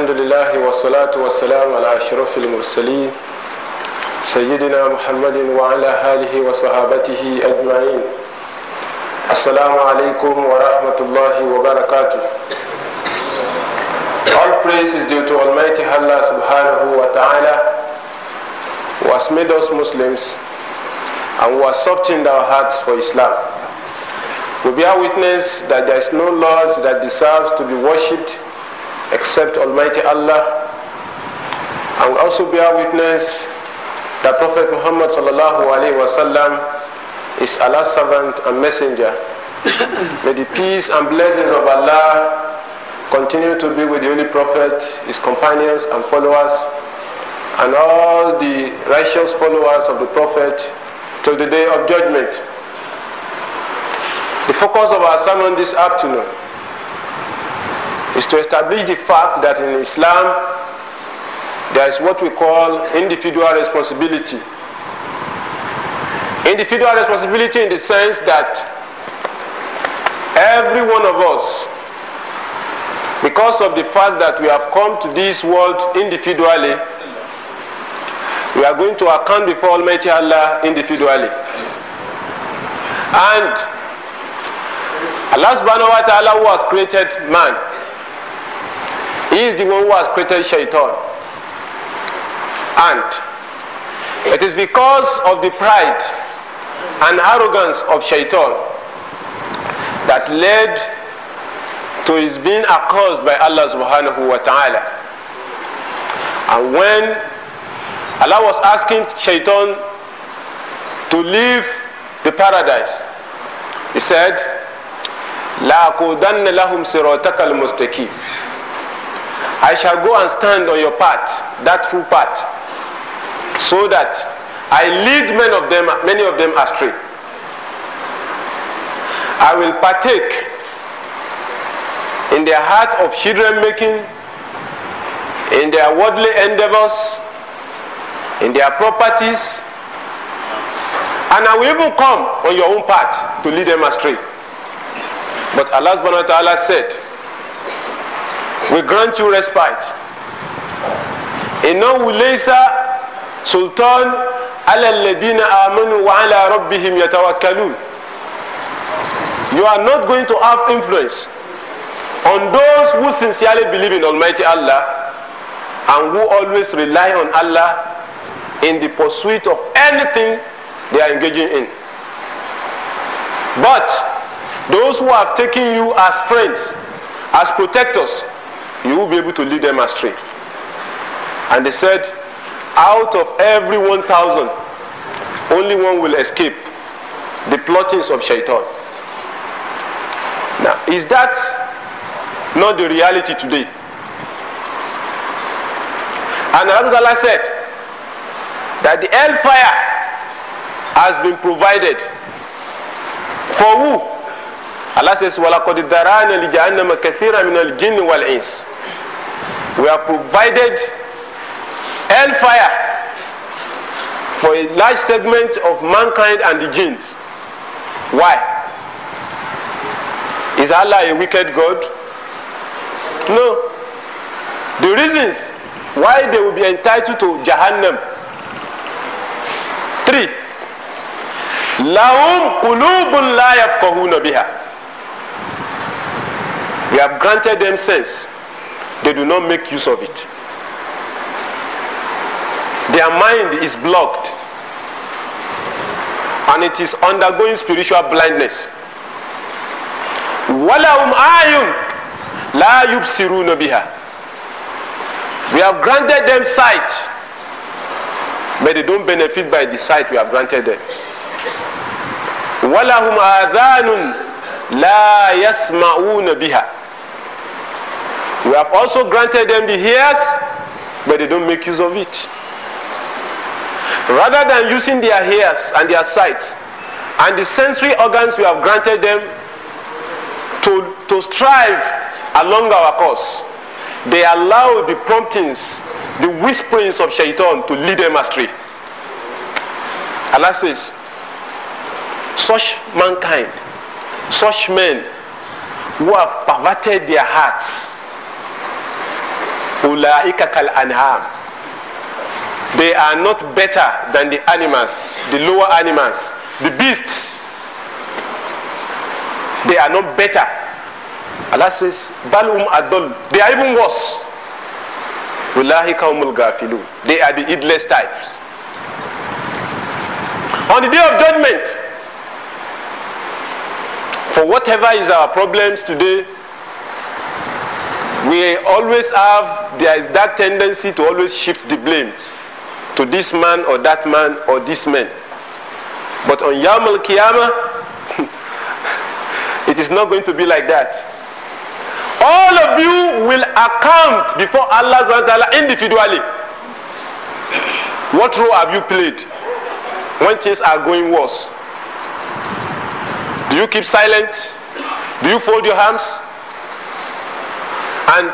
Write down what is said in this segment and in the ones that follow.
الحمد لله والصلاة والسلام على أشرف المرسلين سيدنا محمد وعلى آله وصحابته أجمعين السلام عليكم ورحمة الله وبركاته All praise is due to Almighty Allah subhanahu wa ta'ala who has made us Muslims and who has softened our hearts for Islam. We bear witness that there is no Lord that deserves to be worshipped except Almighty Allah. And we also bear witness that Prophet Muhammad sallallahu alaihi wasallam is Allah's servant and messenger. May the peace and blessings of Allah continue to be with the Holy Prophet, his companions and followers, and all the righteous followers of the Prophet till the day of judgment. The focus of our sermon this afternoon is to establish the fact that in Islam there is what we call individual responsibility. Individual responsibility in the sense that every one of us, because of the fact that we have come to this world individually, we are going to account before Almighty Allah individually. And Allah subhanahu wa ta'ala who has created man he is the one who has created shaitan. And it is because of the pride and arrogance of shaitan that led to his being accursed by Allah subhanahu wa ta'ala. And when Allah was asking shaitan to leave the paradise, he said, لَأَقُودَنَّ لَهُمْ سِرَوْتَكَ الْمُسْتَكِيمِ I shall go and stand on your path, that true path, so that I lead many of them, many of them astray. I will partake in their heart of children making, in their worldly endeavors, in their properties, and I will even come on your own path to lead them astray. But Allah subhanahu wa ta'ala said, we grant you respite. إنه ليس سلطان على الذين آمنوا وعلى ربهم يتوكلون. You are not going to have influence on those who sincerely believe in Almighty Allah and who always rely on Allah in the pursuit of anything they are engaging in. But those who have taken you as friends, as protectors, you will be able to lead them astray. And they said, out of every 1,000, only one will escape the plottings of shaitan. Now, is that not the reality today? And Alhamdulillah said that the hellfire has been provided for who? Allah says, وَلَقَدْ دَرَانَ لِجَهَنَّمَ كَثِيرًا مِنَ الْجِنِّ وَالْإِنسِ we have provided hellfire for a large segment of mankind and the jinns. Why? Is Allah a wicked God? No. The reasons why they will be entitled to Jahannam. Three. لهم قلوب لا يفقهون بها. We have granted them sense they do not make use of it. Their mind is blocked and it is undergoing spiritual blindness. we have granted them sight, but they don't benefit by the sight we have granted them. وَلَهُمْ آذَانٌ لَا يَسْمَعُونَ بِهَا we have also granted them the ears, but they don't make use of it. Rather than using their ears and their sight and the sensory organs we have granted them to, to strive along our course, they allow the promptings, the whisperings of shaitan to lead them astray. Allah says, such mankind, such men who have perverted their hearts Ula'ika kal anham. They are not better than the animals, the lower animals, the beasts. They are not better. Allah says, Balum adol. They are even worse. Ula'ika umul gafilu. They are the heedless types. On the day of judgment, for whatever is our problems today, we always have, there is that tendency to always shift the blames to this man or that man or this man. But on yamal it is not going to be like that. All of you will account before Allah individually. What role have you played when things are going worse? Do you keep silent? Do you fold your hands? And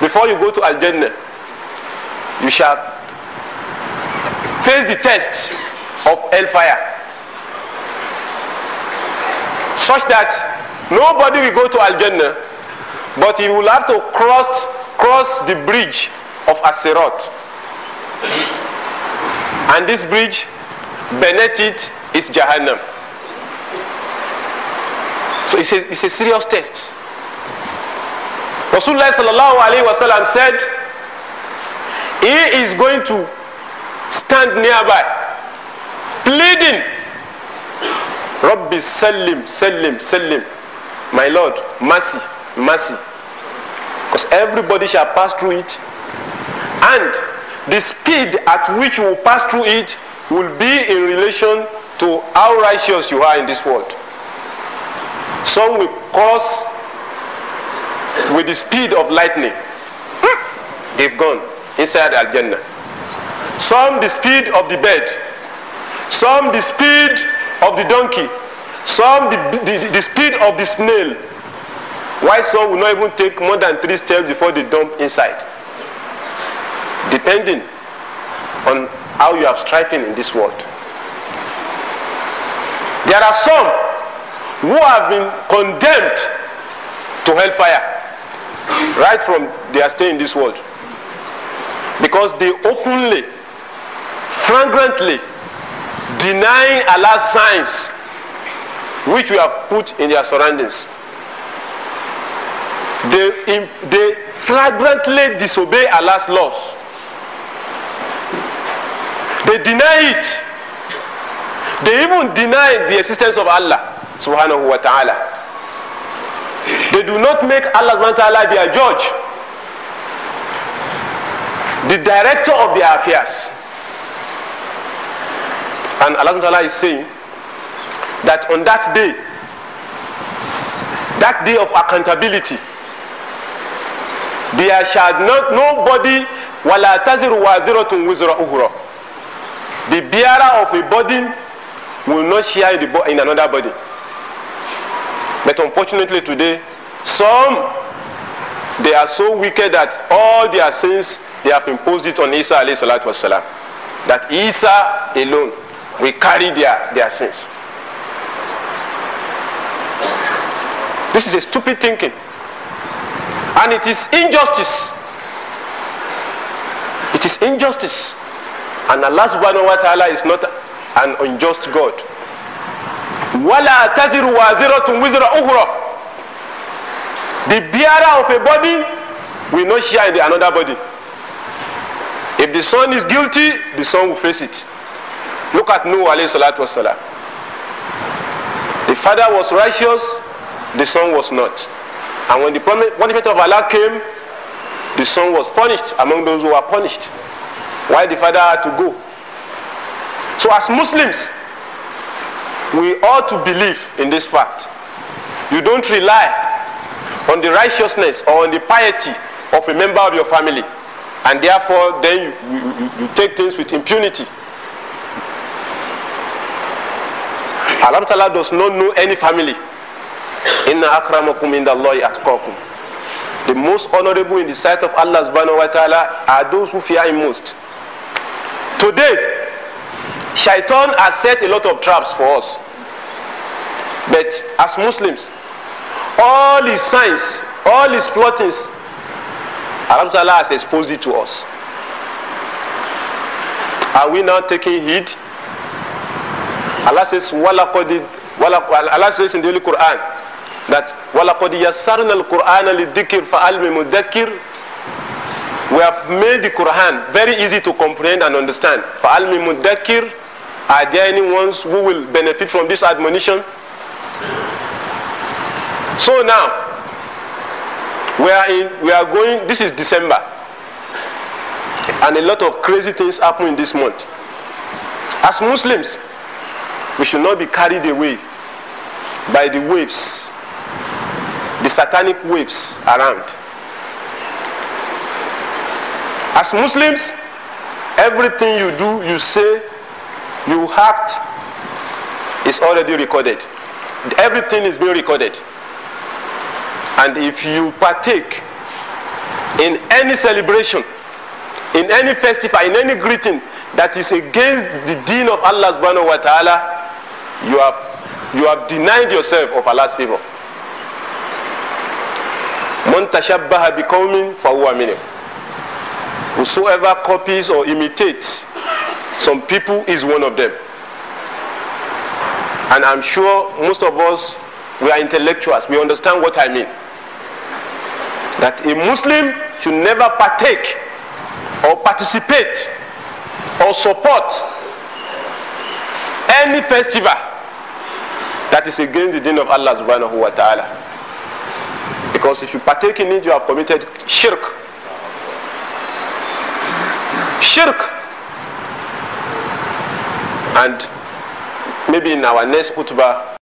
before you go to Al Jannah, you shall face the test of hellfire. Such that nobody will go to Al Jannah, but he will have to cross, cross the bridge of Aserot. And this bridge, beneath it, is Jahannam. So it's a, it's a serious test. Rasulullah sallallahu alayhi wa sallam said, He is going to stand nearby, pleading, Rabbi Salim, Salim, Salim, my Lord, mercy, mercy. Because everybody shall pass through it, and the speed at which you will pass through it will be in relation to how righteous you are in this world. Some will cross with the speed of lightning. They've gone inside Al Jannah. Some the speed of the bird, some the speed of the donkey, some the, the, the speed of the snail. Why some will not even take more than three steps before they dump inside? Depending on how you are striving in this world. There are some who have been condemned to hellfire right from their stay in this world. Because they openly, flagrantly denying Allah's signs which we have put in their surroundings. They, they flagrantly disobey Allah's laws. They deny it. They even deny the existence of Allah subhanahu wa ta'ala. They do not make Allah subhanahu wa ta'ala their judge, the director of their affairs. And Allah subhanahu wa ta'ala is saying that on that day, that day of accountability, there shall not nobody wala taziru waziratun wizra uhura. The bearer of a burden will not share in, the, in another burden. But unfortunately today, Some, they are so wicked that all their sins, they have imposed it on Isa alayhi salatu wasalam. That Isa alone will carry their, their sins. This is a stupid thinking. And it is injustice. It is injustice. And Allah subhanahu wa ta'ala is not an unjust God. وَلَا تَزِرُ وَازِرَةٌ وِزْرَ أُخْرَى the bearer of a body will not share in another body. If the son is guilty, the son will face it. Look at Noah alayhi salatu wasalam. The father was righteous, the son was not. And when the punishment of Allah came, the son was punished among those who were punished. Why the father had to go. So as Muslims, we ought to believe in this fact. You don't rely on the righteousness or on the piety of a member of your family. And therefore, then you, you, you take things with impunity. Allah Ta'ala does not know any family. Inna akramakum indallahi atqakum. The most honorable in the sight of Allah subhanahu wa ta'ala are those who fear him most. Today, Shaitan has set a lot of traps for us. But as Muslims, all his signs, all his plottings, Alhamdulillah has exposed it to us. Are we now taking heed? Allah says, Allah says in the Holy Quran that Walakodi yasarna al-Quran al-dikir fa'almi mudakir we have made the Quran very easy to comprehend and understand. Fa'almi mudakir, are there any ones who will benefit from this admonition? So now, we are in we are going this is december and a lot of crazy things happen in this month as muslims we should not be carried away by the waves the satanic waves around as muslims everything you do you say you act is already recorded everything is being recorded and if you partake in any celebration, in any festival, in any greeting that is against the deen of Allah subhanahu wa ta'ala, you have, you have denied yourself of Allah's favor. من تشبه بقوم فهو منهم whosoever copies or imitates some people is one of them and i'm sure most of us we are intellectuals we understand what i mean that a Muslim should never partake or participate or support any festival that is against the deen of Allah subhanahu wa ta'ala. Because if you partake in it, you have committed shirk. Shirk. And maybe in our next khutbah,